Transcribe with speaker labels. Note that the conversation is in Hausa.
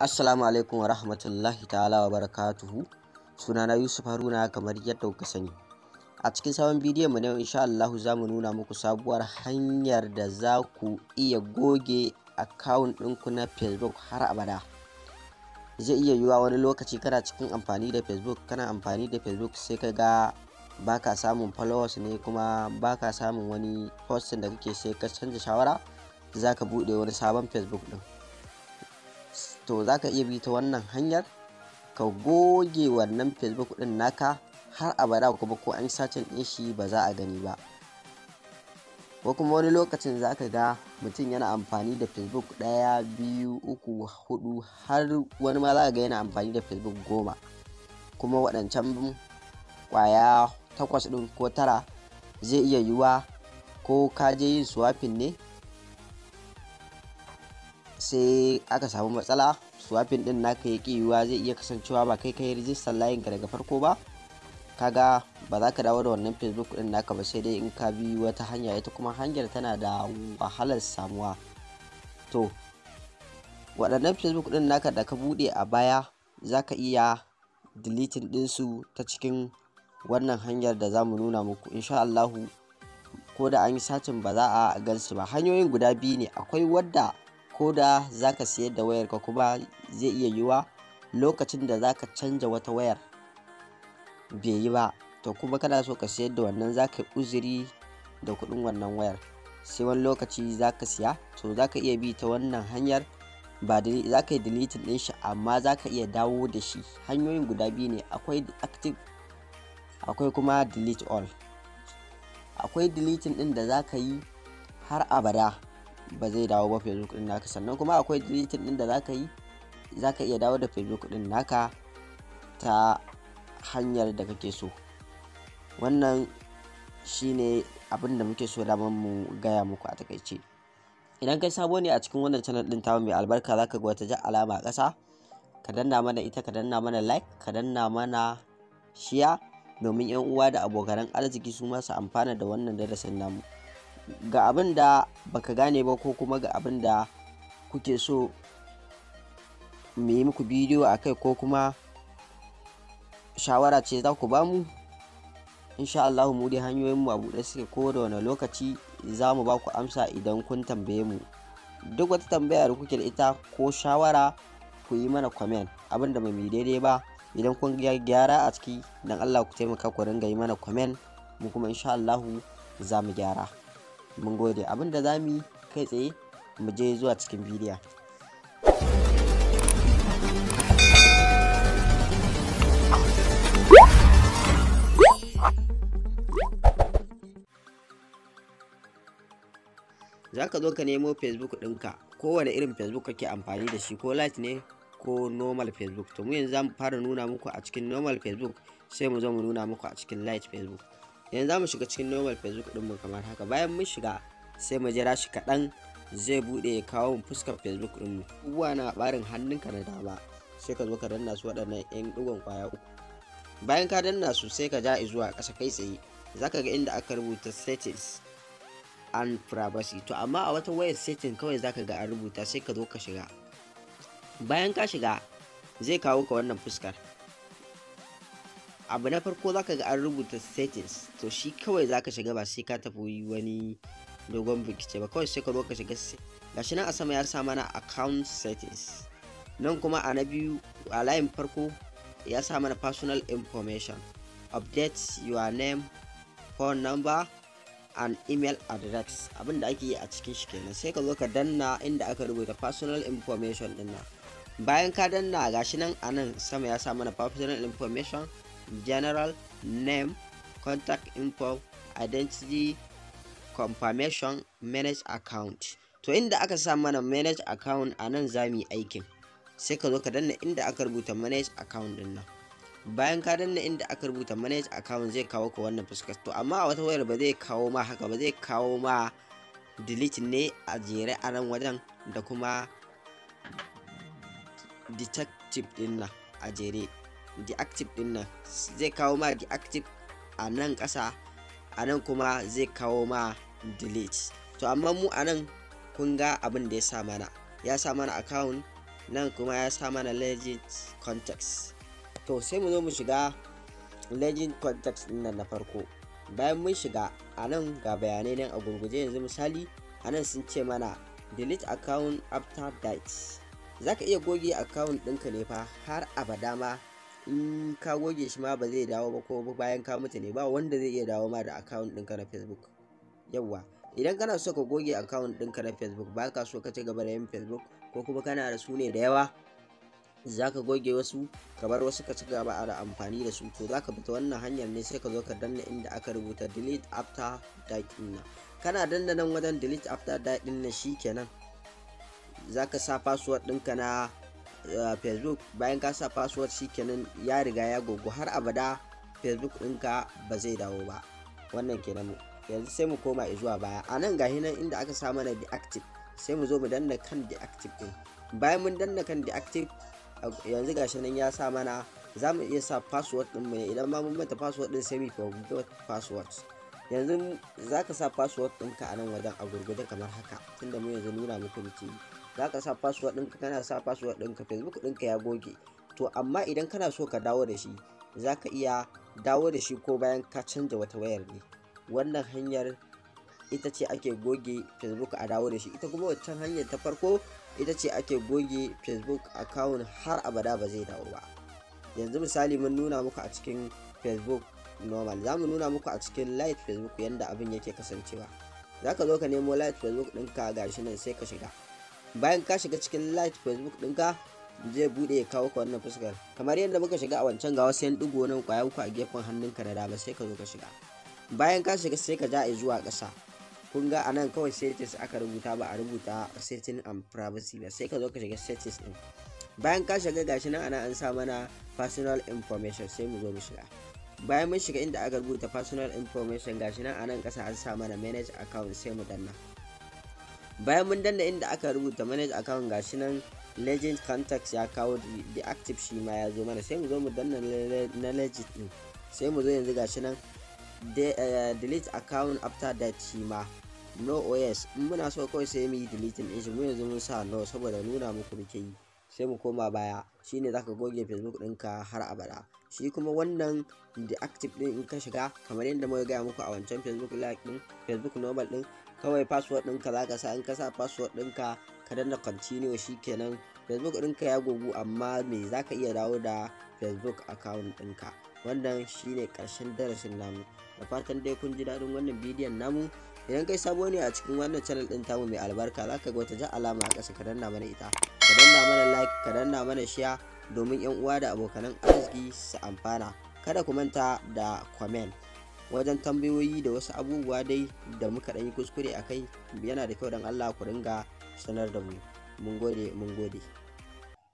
Speaker 1: Assalamu alaikum wa rahmatullahi ta'ala wa barakatuhu sunana Yusuf Haruna kamar yadda kuka sani a cikin sabon bidiyon mu ne insha Allah za mu nuna muku sabuwar hanyar da za ku iya goge account ɗinku na Facebook har abada zai iya yiwuwa wani lokaci kana cikin amfani da Facebook kana amfani da Facebook sai ka ga baka samun followers ne kuma baka samun wani posting da kake sai ka canza shawara zaka buɗe wani sabon Facebook ɗin to za ka iya bi ta wannan hanyar ka goge wannan facebook ɗin naka har a abada kuma ko an sacin ɗin shi ba za a gani ba ko kuma wani lokacin za ka ga mutum yana amfani da facebook ɗaya biyu uku hudu har wani ma za ka ga yana amfani da facebook goma kuma waɗancan kwaya takwas ɗin ko tara zai iya yiwuwa ko ka je yin swapping ne sai aka samu matsala swapping din naka ya yiwuwa zai iya kasancewa ba kai kai rijistar layin ka daga farko ba kaga ba za ka dawo da wannan facebook din naka ba sai dai in ka bi wata hanya ita kuma hanyar tana da wahalar samuwa to waɗannan facebook din naka da ka buɗe a baya za ka iya deleting ɗinsu ta cikin wannan hanyar da za mu nuna muku insha Allahu ko da an yi satin ba za a gan su ba hanyoyin guda biyu ne akwai wadda ko da za ka sayar da wayar ka kuma zai iya yiwuwa lokacin da za ka canja wata wayar bai yi ba to kuma kana so ka sayar da wannan za ka yi uzuri da kuɗin wannan wayar sai wani lokaci za ka siya to za ka iya bi ta wannan hanyar ba za ka yi deleting ɗin shi amma za ka iya dawo da shi hanyoyin guda biyu ne akwai active akwai kuma delete all akwai deleting ɗin da za ka yi har abada ba zai dawo ba facebook din naka sannan kuma akwai deleting din da zaka yi zaka iya dawo da facebook din naka ta hanyar da kake so wannan shine abin da muke so daman mu gaya muku a takaice idan kai sabo ne a cikin wannan channel din tamu mai albarka zaka ga wata ja alama a ƙasa ka danna mana ita ka danna mana like ka danna mana shiya domin yan uwa da abokan arziki su masu amfana da wannan darasin namu ga abin da baka gane ba ko kuma ga abin da kuke so mu yi muku bidiyo a kai ko kuma shawara ce za ku bamu insha Allah mu dai hanyoyin mu a buɗe suke ko da wani lokaci za mu ba ku amsa idan kun tambaye mu duk wata tambaya da kuke da ita ko shawara ku yi mana comment abin da mai daidai ba idan kun gyara a ciki dan Allah ku taimaka ku ringa yi mana comment mu kuma insha Allah za mu gyara mun gode abinda za mu kai tsaye mu je zuwa cikin bidiyo za ka zo ka nemo facebook ɗinka kowane irin facebook kake amfani da shi ko light ne ko normal facebook to mu yanzu za mu fara nuna muku a cikin normal facebook sai mu zo mu nuna muku a cikin light facebook yanzu za mu shiga cikin normal facebook mu kamar haka bayan mun shiga sai mu jira shi kaɗan zai buɗe ya kawo mun fuskar facebook ɗinmu uwa na ɓarin hannunka na dama sai ka zo ka danna su waɗannan 'yan ɗigon kwaya uku bayan ka danna su sai ka ja zuwa ƙasa kai tsaye za ka ga inda aka rubuta settings and privacy to amma a wata wayar setting kawai za ka ga an rubuta sai ka zo ka shiga bayan ka shiga zai kawo ka wannan fuskar abu na farko zaka ga an rubuta settings to shi kawai zaka shiga ba sai ka tafi wani dogon bukice ba kawai sai ka zo ka shiga gashi nan a sama ya sa mana account settings nan kuma a na biyu a layin farko ya sa mana personal information update your name phone number and email address abin da ake yi a cikin shi kenan sai ka zo ka danna inda aka rubuta personal information din bayan ka danna gashi nan a nan sama ya sa mana personal information general name contact info identity confirmation manage account to inda aka sa mana manage account a nan za mu yi aikin sai ka zo ka danna inda aka rubuta manage account din nan bayan ka danna inda aka rubuta manage account zai kawo ka wannan fuskar to amma a wata wayar ba zai kawo ma haka ba zai kawo ma delete ne a jere a nan wajen da kuma detective din nan a jere active din nan zai kawo ma active a nan kasa a nan kuma zai kawo ma delete to amma mu a nan kun ga abin da ya sa mana ya sa mana account nan kuma ya sa mana legend context to sai mu zo mu shiga legend context din nan na farko bayan mun shiga a nan ga bayanai nan a gurguje yanzu misali a nan sun ce mana delete account after date za ka iya goge account ɗinka ne fa har abada ma in ka goge shi ma ba zai dawo ba ko bayan ka mutu ne ba wanda zai iya dawo ma da account ɗinka na facebook yawwa idan kana so ka goge account ɗinka na facebook ba ka so ka ci gaba da yin facebook ko kuma kana da su ne da yawa za ka goge wasu ka bar wasu ka ci gaba da amfani da su to za ka fita wannan hanyar ne sai ka zo ka danna inda aka rubuta delete after date nan kana danna nan wajen delete after date nan shikenan za ka sa password ɗinka na facebook bayan ka sa password shikenan ya riga ya gogo har abada facebook ɗinka ba zai dawo ba wannan kenan mu yanzu sai mu koma zuwa baya a nan gahi nan inda aka sa mana deactive sai mu zo mu danna kan deactive din bayan mun danna kan deactive yanzu gashi nan ya sa mana za mu iya sa password din mu ne idan ma mun mata password din sai mu forgot password yanzu za ka sa password ɗinka a nan wajen a gurgurde kamar haka tunda mu yanzu nuna muku mutum za ka sa password ɗinka kana sa password ɗinka facebook ɗinka ya goge to amma idan kana so ka dawo da shi za ka iya dawo da shi ko bayan ka canza wata wayar ne wannan hanyar ita ce ake goge facebook a dawo da shi ita kuma wancan hanyar ta farko ita ce ake goge facebook account har abada ba zai dawo ba yanzu misali mun nuna muku a cikin facebook normal za mu nuna muku a cikin light facebook yadda abin yake kasancewa za ka zo ka nemo light facebook ɗinka gashi nan sai ka shiga bayan ka shiga cikin live facebook ɗinka zai buɗe ya kawo ka wannan fuskar kamar yadda muka shiga a wancan ga wasu yan ɗigo nan kwaya uku a gefen hannunka na dama sai ka zo ka shiga bayan ka shiga sai ka ja zuwa ƙasa kun ga anan kawai settings aka rubuta ba a rubuta setting and privacy ba sai ka zo ka shiga settings din bayan ka shiga gashi nan ana an sa mana personal information sai mu zo mu shiga bayan mun shiga inda aka rubuta personal information gashi nan anan ƙasa an sa mana manage account sai mu danna bayan mun danna inda aka rubuta manage account gashi nan legend contacts ya kawo the active shi ma ya zo mana sai mu zo mu danna na legend din sai mu zo yanzu gashi nan eh, delete account after that shi ma no os in muna so kawai sai mu yi deleting din shi mu yanzu mun sa no saboda nuna muku muke yi sai mu koma baya shine zaka goge facebook ɗinka har abada shi kuma wannan the active din in ka shiga kamar yadda muka gaya muku a wancan facebook like din facebook normal din kawai password ɗinka za ka sa in ka sa password ɗinka ka danna continue kenan facebook ɗinka ya gugu amma me za ka iya dawo da facebook account ɗinka wannan shine ƙarshen darasin namu da fatan dai kun ji daɗin wannan bidiyon namu idan kai sabo ne a cikin wannan channel ɗin tamu mai albarka za ka ga wata ja alama a ƙasa ka danna mana ita ka danna mana like ka danna mana share domin 'yan uwa da abokanan arziki su amfana kada ku manta da comment wajen tambayoyi da wasu abubuwa dai da muka ɗanyi kuskure a kai yana da kyau don allah ku ringa sanar da mu mun gode mun gode